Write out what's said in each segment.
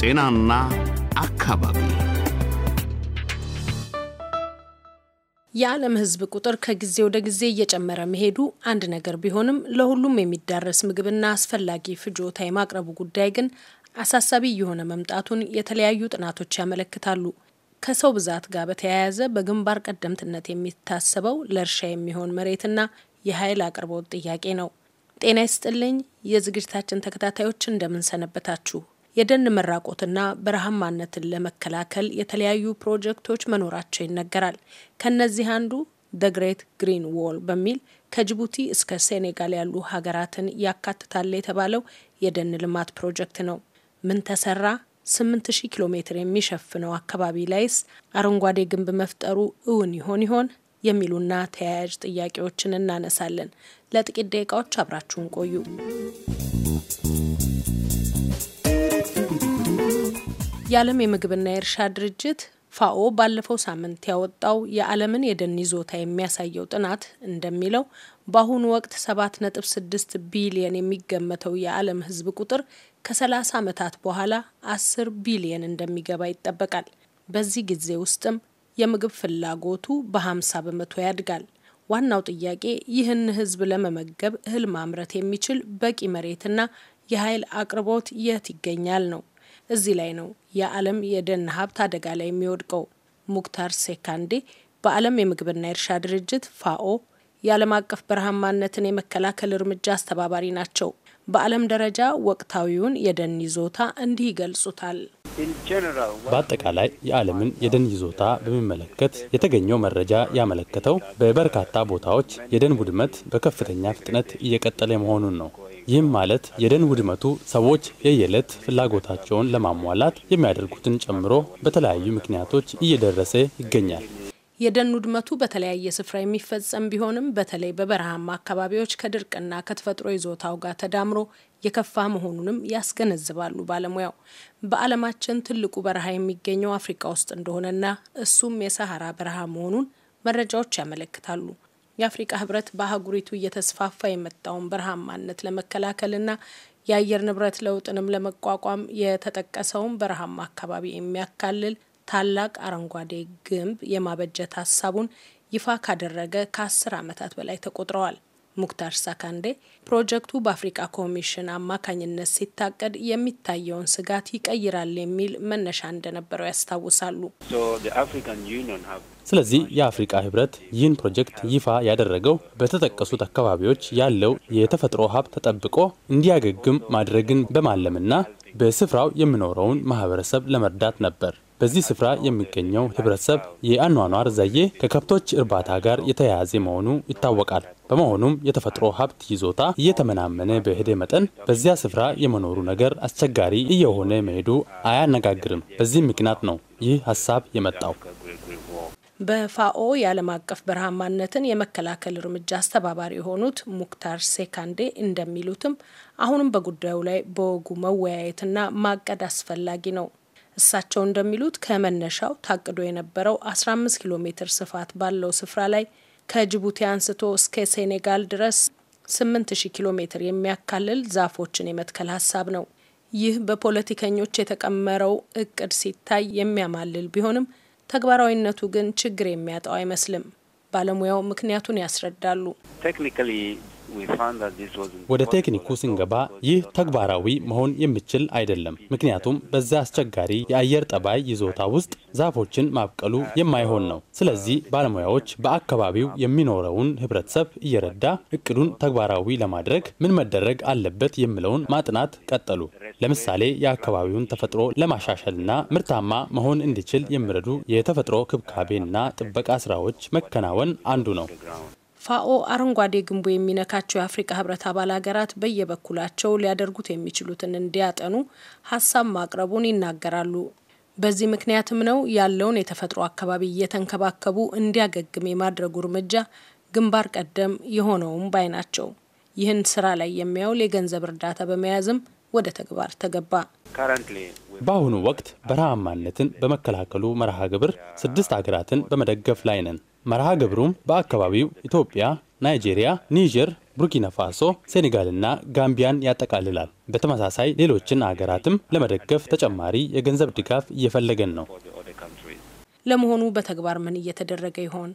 ጤናና አካባቢ የዓለም ሕዝብ ቁጥር ከጊዜ ወደ ጊዜ እየጨመረ መሄዱ አንድ ነገር ቢሆንም ለሁሉም የሚዳረስ ምግብና አስፈላጊ ፍጆታ የማቅረቡ ጉዳይ ግን አሳሳቢ እየሆነ መምጣቱን የተለያዩ ጥናቶች ያመለክታሉ። ከሰው ብዛት ጋር በተያያዘ በግንባር ቀደምትነት የሚታሰበው ለእርሻ የሚሆን መሬትና የኃይል አቅርቦት ጥያቄ ነው። ጤና ይስጥልኝ የዝግጅታችን ተከታታዮች እንደምንሰነበታችሁ። የደን መራቆትና በረሃማነትን ለመከላከል የተለያዩ ፕሮጀክቶች መኖራቸው ይነገራል። ከነዚህ አንዱ ደ ግሬት ግሪን ዎል በሚል ከጅቡቲ እስከ ሴኔጋል ያሉ ሀገራትን ያካትታል የተባለው የደን ልማት ፕሮጀክት ነው። ምን ተሰራ? 8000 ኪሎ ሜትር የሚሸፍነው አካባቢ ላይስ አረንጓዴ ግንብ መፍጠሩ እውን ይሆን ይሆን የሚሉና ተያያዥ ጥያቄዎችን እናነሳለን። ለጥቂት ደቂቃዎች አብራችሁን ቆዩ። የዓለም የምግብና የእርሻ ድርጅት ፋኦ ባለፈው ሳምንት ያወጣው የዓለምን የደን ይዞታ የሚያሳየው ጥናት እንደሚለው በአሁኑ ወቅት 7.6 ቢሊየን የሚገመተው የዓለም ሕዝብ ቁጥር ከ30 ዓመታት በኋላ 10 ቢሊየን እንደሚገባ ይጠበቃል። በዚህ ጊዜ ውስጥም የምግብ ፍላጎቱ በ50 በመቶ ያድጋል። ዋናው ጥያቄ ይህን ህዝብ ለመመገብ እህል ማምረት የሚችል በቂ መሬትና የኃይል አቅርቦት የት ይገኛል ነው። እዚህ ላይ ነው የዓለም የደን ሀብት አደጋ ላይ የሚወድቀው። ሙክታር ሴካንዴ በዓለም የምግብና የእርሻ ድርጅት ፋኦ የዓለም አቀፍ በረሃማነትን የመከላከል እርምጃ አስተባባሪ ናቸው። በዓለም ደረጃ ወቅታዊውን የደን ይዞታ እንዲህ ይገልጹታል። በአጠቃላይ የዓለምን የደን ይዞታ በሚመለከት የተገኘው መረጃ ያመለከተው በበርካታ ቦታዎች የደን ውድመት በከፍተኛ ፍጥነት እየቀጠለ መሆኑን ነው። ይህም ማለት የደን ውድመቱ ሰዎች የየዕለት ፍላጎታቸውን ለማሟላት የሚያደርጉትን ጨምሮ በተለያዩ ምክንያቶች እየደረሰ ይገኛል። የደን ውድመቱ በተለያየ ስፍራ የሚፈጸም ቢሆንም በተለይ በበረሃማ አካባቢዎች ከድርቅና ከተፈጥሮ ይዞታው ጋር ተዳምሮ የከፋ መሆኑንም ያስገነዝባሉ ባለሙያው። በዓለማችን ትልቁ በረሃ የሚገኘው አፍሪካ ውስጥ እንደሆነና እሱም የሰሐራ በረሃ መሆኑን መረጃዎች ያመለክታሉ። የአፍሪካ ህብረት በአህጉሪቱ እየተስፋፋ የመጣውን በረሃማነት ለመከላከልና የአየር ንብረት ለውጥንም ለመቋቋም የተጠቀሰውን በረሃማ አካባቢ የሚያካልል ታላቅ አረንጓዴ ግንብ የማበጀት ሀሳቡን ይፋ ካደረገ ከአስር ዓመታት በላይ ተቆጥረዋል። ሙክታር ሳካንዴ ፕሮጀክቱ በአፍሪቃ ኮሚሽን አማካኝነት ሲታቀድ የሚታየውን ስጋት ይቀይራል የሚል መነሻ እንደነበረው ያስታውሳሉ። ስለዚህ የአፍሪቃ ህብረት ይህን ፕሮጀክት ይፋ ያደረገው በተጠቀሱት አካባቢዎች ያለው የተፈጥሮ ሀብት ተጠብቆ እንዲያገግም ማድረግን በማለምና በስፍራው የሚኖረውን ማህበረሰብ ለመርዳት ነበር። በዚህ ስፍራ የሚገኘው ህብረተሰብ የአኗኗር ዘዬ ከከብቶች እርባታ ጋር የተያያዘ መሆኑ ይታወቃል። በመሆኑም የተፈጥሮ ሀብት ይዞታ እየተመናመነ በሄደ መጠን በዚያ ስፍራ የመኖሩ ነገር አስቸጋሪ እየሆነ መሄዱ አያነጋግርም። በዚህ ምክንያት ነው ይህ ሀሳብ የመጣው። በፋኦ የዓለም አቀፍ በረሃማነትን የመከላከል እርምጃ አስተባባሪ የሆኑት ሙክታር ሴካንዴ እንደሚሉትም አሁንም በጉዳዩ ላይ በወጉ መወያየትና ማቀድ አስፈላጊ ነው። እሳቸው እንደሚሉት ከመነሻው ታቅዶ የነበረው 15 ኪሎ ሜትር ስፋት ባለው ስፍራ ላይ ከጅቡቲ አንስቶ እስከ ሴኔጋል ድረስ 8000 ኪሎ ሜትር የሚያካልል ዛፎችን የመትከል ሀሳብ ነው። ይህ በፖለቲከኞች የተቀመረው እቅድ ሲታይ የሚያማልል ቢሆንም ተግባራዊነቱ ግን ችግር የሚያጣው አይመስልም። ባለሙያው ምክንያቱን ያስረዳሉ። ወደ ቴክኒኩ ስንገባ ይህ ተግባራዊ መሆን የሚችል አይደለም። ምክንያቱም በዛ አስቸጋሪ የአየር ጠባይ ይዞታ ውስጥ ዛፎችን ማብቀሉ የማይሆን ነው። ስለዚህ ባለሙያዎች በአካባቢው የሚኖረውን ሕብረተሰብ እየረዳ እቅዱን ተግባራዊ ለማድረግ ምን መደረግ አለበት የሚለውን ማጥናት ቀጠሉ። ለምሳሌ የአካባቢውን ተፈጥሮ ለማሻሻልና ምርታማ መሆን እንዲችል የሚረዱ የተፈጥሮ ክብካቤና ጥበቃ ስራዎች መከናወን አንዱ ነው። ፋኦ አረንጓዴ ግንቡ የሚነካቸው የአፍሪካ ህብረት አባል ሀገራት በየበኩላቸው ሊያደርጉት የሚችሉትን እንዲያጠኑ ሀሳብ ማቅረቡን ይናገራሉ። በዚህ ምክንያትም ነው ያለውን የተፈጥሮ አካባቢ እየተንከባከቡ እንዲያገግም የማድረጉ እርምጃ ግንባር ቀደም የሆነውም ባይ ናቸው። ይህን ስራ ላይ የሚያውል የገንዘብ እርዳታ በመያዝም ወደ ተግባር ተገባ። በአሁኑ ወቅት በረሃማነትን በመከላከሉ መርሃ ግብር ስድስት ሀገራትን በመደገፍ ላይ ነን። መርሃ ግብሩም በአካባቢው ኢትዮጵያ፣ ናይጄሪያ፣ ኒጀር፣ ቡርኪና ፋሶ፣ ሴኔጋልና ጋምቢያን ያጠቃልላል። በተመሳሳይ ሌሎችን ሀገራትም ለመደገፍ ተጨማሪ የገንዘብ ድጋፍ እየፈለገን ነው። ለመሆኑ በተግባር ምን እየተደረገ ይሆን?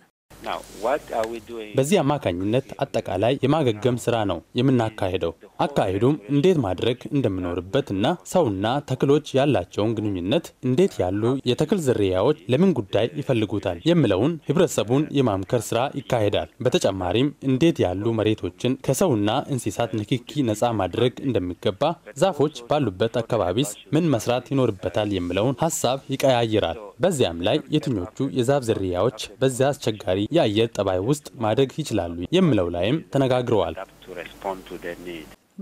በዚህ አማካኝነት አጠቃላይ የማገገም ስራ ነው የምናካሄደው። አካሄዱም እንዴት ማድረግ እንደምኖርበት እና ሰውና ተክሎች ያላቸውን ግንኙነት፣ እንዴት ያሉ የተክል ዝርያዎች ለምን ጉዳይ ይፈልጉታል የሚለውን ህብረተሰቡን የማምከር ስራ ይካሄዳል። በተጨማሪም እንዴት ያሉ መሬቶችን ከሰውና እንስሳት ንክኪ ነፃ ማድረግ እንደሚገባ፣ ዛፎች ባሉበት አካባቢስ ምን መስራት ይኖርበታል የሚለውን ሀሳብ ይቀያይራል። በዚያም ላይ የትኞቹ የዛፍ ዝርያዎች በዚያ አስቸጋሪ የአየር ጠባይ ውስጥ ማደግ ይችላሉ የምለው ላይም ተነጋግረዋል።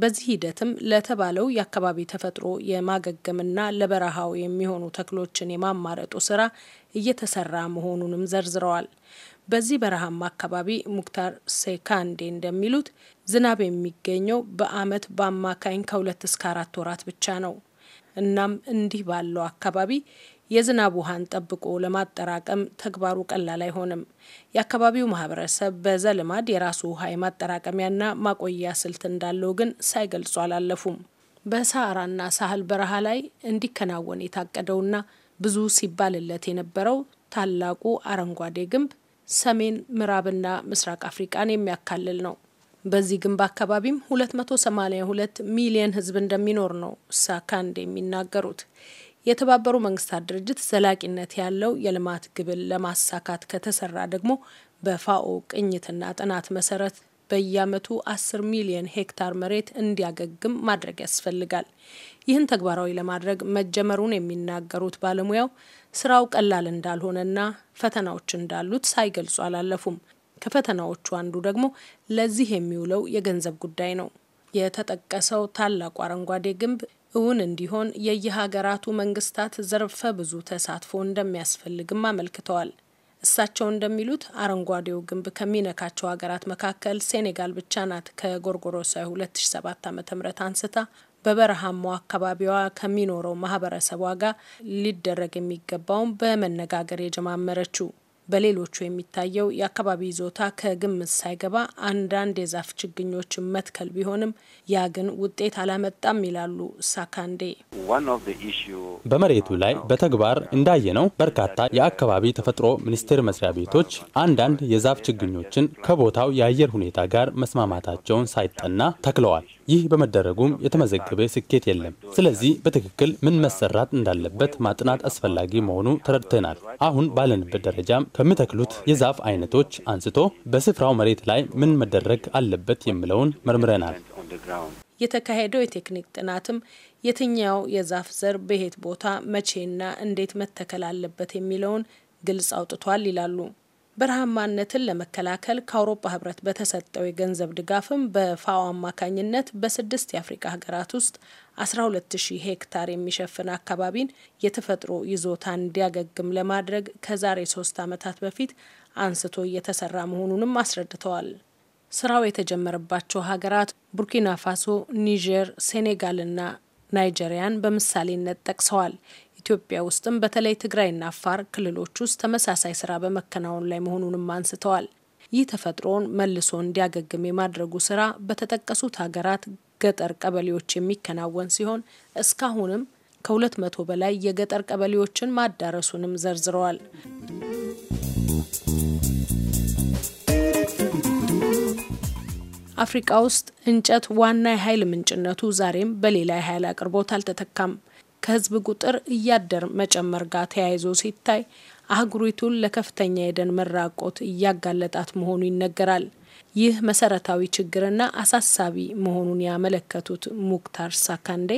በዚህ ሂደትም ለተባለው የአካባቢ ተፈጥሮ የማገገምና ለበረሃው የሚሆኑ ተክሎችን የማማረጡ ስራ እየተሰራ መሆኑንም ዘርዝረዋል። በዚህ በረሃማ አካባቢ ሙክታር ሴካንዴ እንደሚሉት ዝናብ የሚገኘው በአመት በአማካኝ ከሁለት እስከ አራት ወራት ብቻ ነው። እናም እንዲህ ባለው አካባቢ የዝናብ ውሃን ጠብቆ ለማጠራቀም ተግባሩ ቀላል አይሆንም። የአካባቢው ማህበረሰብ በዘልማድ የራሱ ውሃ የማጠራቀሚያና ማቆያ ስልት እንዳለው ግን ሳይገልጹ አላለፉም። በሳራና ሳህል በረሃ ላይ እንዲከናወን የታቀደውና ብዙ ሲባልለት የነበረው ታላቁ አረንጓዴ ግንብ ሰሜን ምዕራብና ምስራቅ አፍሪቃን የሚያካልል ነው። በዚህ ግንብ አካባቢም 282 ሚሊየን ህዝብ እንደሚኖር ነው ሳካንድ የሚናገሩት። የተባበሩ መንግስታት ድርጅት ዘላቂነት ያለው የልማት ግብል ለማሳካት ከተሰራ ደግሞ በፋኦ ቅኝትና ጥናት መሰረት በየአመቱ አስር ሚሊዮን ሄክታር መሬት እንዲያገግም ማድረግ ያስፈልጋል። ይህን ተግባራዊ ለማድረግ መጀመሩን የሚናገሩት ባለሙያው ስራው ቀላል እንዳልሆነና ፈተናዎች እንዳሉት ሳይገልጹ አላለፉም። ከፈተናዎቹ አንዱ ደግሞ ለዚህ የሚውለው የገንዘብ ጉዳይ ነው። የተጠቀሰው ታላቁ አረንጓዴ ግንብ እውን እንዲሆን የየሀገራቱ መንግስታት ዘርፈ ብዙ ተሳትፎ እንደሚያስፈልግም አመልክተዋል። እሳቸው እንደሚሉት አረንጓዴው ግንብ ከሚነካቸው ሀገራት መካከል ሴኔጋል ብቻ ናት። ከጎርጎሮሳዊ 2007 ዓ ም አንስታ በበረሃማው አካባቢዋ ከሚኖረው ማህበረሰቧ ጋር ሊደረግ የሚገባውን በመነጋገር የጀማመረችው በሌሎቹ የሚታየው የአካባቢ ይዞታ ከግምት ሳይገባ አንዳንድ የዛፍ ችግኞችን መትከል ቢሆንም ያ ግን ውጤት አላመጣም ይላሉ ሳካንዴ። በመሬቱ ላይ በተግባር እንዳየነው በርካታ የአካባቢ ተፈጥሮ ሚኒስቴር መስሪያ ቤቶች አንዳንድ የዛፍ ችግኞችን ከቦታው የአየር ሁኔታ ጋር መስማማታቸውን ሳይጠና ተክለዋል። ይህ በመደረጉም የተመዘገበ ስኬት የለም። ስለዚህ በትክክል ምን መሰራት እንዳለበት ማጥናት አስፈላጊ መሆኑ ተረድተናል። አሁን ባለንበት ደረጃም ከምተክሉት የዛፍ አይነቶች አንስቶ በስፍራው መሬት ላይ ምን መደረግ አለበት የሚለውን መርምረናል። የተካሄደው የቴክኒክ ጥናትም የትኛው የዛፍ ዘር በየት ቦታ መቼና እንዴት መተከል አለበት የሚለውን ግልጽ አውጥቷል ይላሉ። በረሃማነትን ለመከላከል ከአውሮፓ ህብረት በተሰጠው የገንዘብ ድጋፍም በፋኦ አማካኝነት በስድስት የአፍሪካ ሀገራት ውስጥ 12000 ሄክታር የሚሸፍን አካባቢን የተፈጥሮ ይዞታ እንዲያገግም ለማድረግ ከዛሬ ሶስት ዓመታት በፊት አንስቶ እየተሰራ መሆኑንም አስረድተዋል። ስራው የተጀመረባቸው ሀገራት ቡርኪና ፋሶ፣ ኒጀር፣ ሴኔጋልና ናይጀሪያን በምሳሌነት ጠቅሰዋል። ኢትዮጵያ ውስጥም በተለይ ትግራይና አፋር ክልሎች ውስጥ ተመሳሳይ ስራ በመከናወን ላይ መሆኑንም አንስተዋል። ይህ ተፈጥሮን መልሶ እንዲያገግም የማድረጉ ስራ በተጠቀሱት ሀገራት ገጠር ቀበሌዎች የሚከናወን ሲሆን እስካሁንም ከሁለት መቶ በላይ የገጠር ቀበሌዎችን ማዳረሱንም ዘርዝረዋል። አፍሪቃ ውስጥ እንጨት ዋና የኃይል ምንጭነቱ ዛሬም በሌላ የኃይል አቅርቦት አልተተካም። ከህዝብ ቁጥር እያደር መጨመር ጋር ተያይዞ ሲታይ አህጉሪቱን ለከፍተኛ የደን መራቆት እያጋለጣት መሆኑ ይነገራል። ይህ መሰረታዊ ችግርና አሳሳቢ መሆኑን ያመለከቱት ሙክታር ሳካንዴ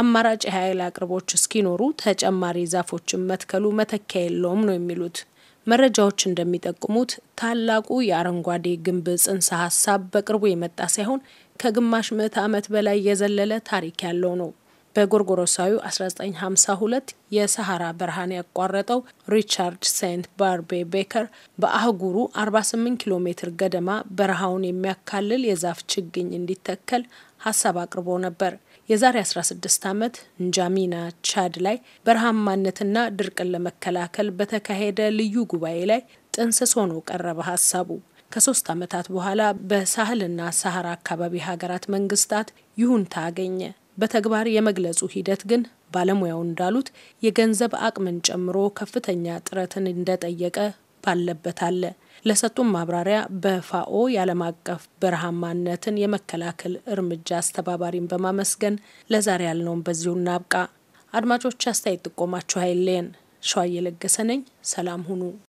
አማራጭ የኃይል አቅርቦች እስኪኖሩ ተጨማሪ ዛፎችን መትከሉ መተኪያ የለውም ነው የሚሉት። መረጃዎች እንደሚጠቁሙት ታላቁ የአረንጓዴ ግንብ ጽንሰ ሀሳብ በቅርቡ የመጣ ሳይሆን ከግማሽ ምዕት ዓመት በላይ የዘለለ ታሪክ ያለው ነው። በጎርጎሮሳዊ 1952 የሰሐራ በርሃን ያቋረጠው ሪቻርድ ሴንት ባርቤ ቤከር በአህጉሩ 48 ኪሎ ሜትር ገደማ በረሃውን የሚያካልል የዛፍ ችግኝ እንዲተከል ሀሳብ አቅርቦ ነበር። የዛሬ 16 ዓመት እንጃሚና ቻድ ላይ በረሃማነትና ድርቅን ለመከላከል በተካሄደ ልዩ ጉባኤ ላይ ጥንስስ ሆኖ ቀረበ ሀሳቡ። ከሶስት ዓመታት በኋላ በሳህልና ሰሐራ አካባቢ ሀገራት መንግስታት ይሁንታ አገኘ። በተግባር የመግለጹ ሂደት ግን ባለሙያው እንዳሉት የገንዘብ አቅምን ጨምሮ ከፍተኛ ጥረትን እንደጠየቀ ባለበት አለ። ለሰጡን ማብራሪያ በፋኦ የዓለም አቀፍ በረሃማነትን የመከላከል እርምጃ አስተባባሪን በማመስገን ለዛሬ ያልነውን በዚሁ እናብቃ። አድማጮች አስተያየት ጥቆማችሁ አይለየን። ሸዋዬ ለገሰ ነኝ። ሰላም ሁኑ።